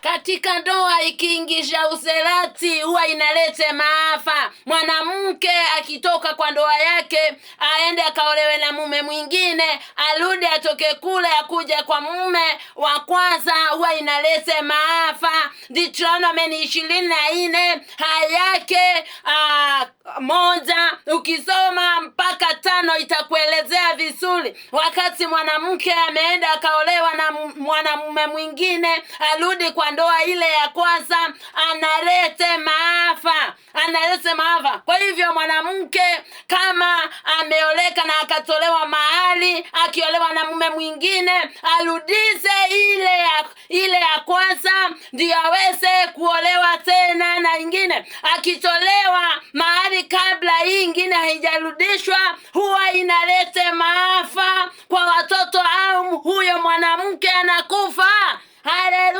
katika ndoa ikiingisha uselati huwa inalete maafa. Mwanamke akitoka kwa ndoa yake aende akaolewe na mume mwingine, arudi atoke kule akuja kwa mume wa kwanza, huwa inalete maafa. Deuteronomy ishirini na nne haya yake ah, moja ukisoma mpaka tano itakueleza vizuri. Wakati mwanamke ameenda akaolewa na mwanamume mwingine, arudi kwa ndoa ile ya kwanza, analete maafa, analete maafa. Kwa hivyo mwanamke kama ameoleka na akatolewa mahali, akiolewa na mume mwingine, arudize ile ya ile ya kwanza, ndio aweze kuolewa tena na ingine. Akitolewa mahali kabla hii ingine haijarudishwa, hu inalete maafa kwa watoto au huyo mwanamke anakufa. Haleluya.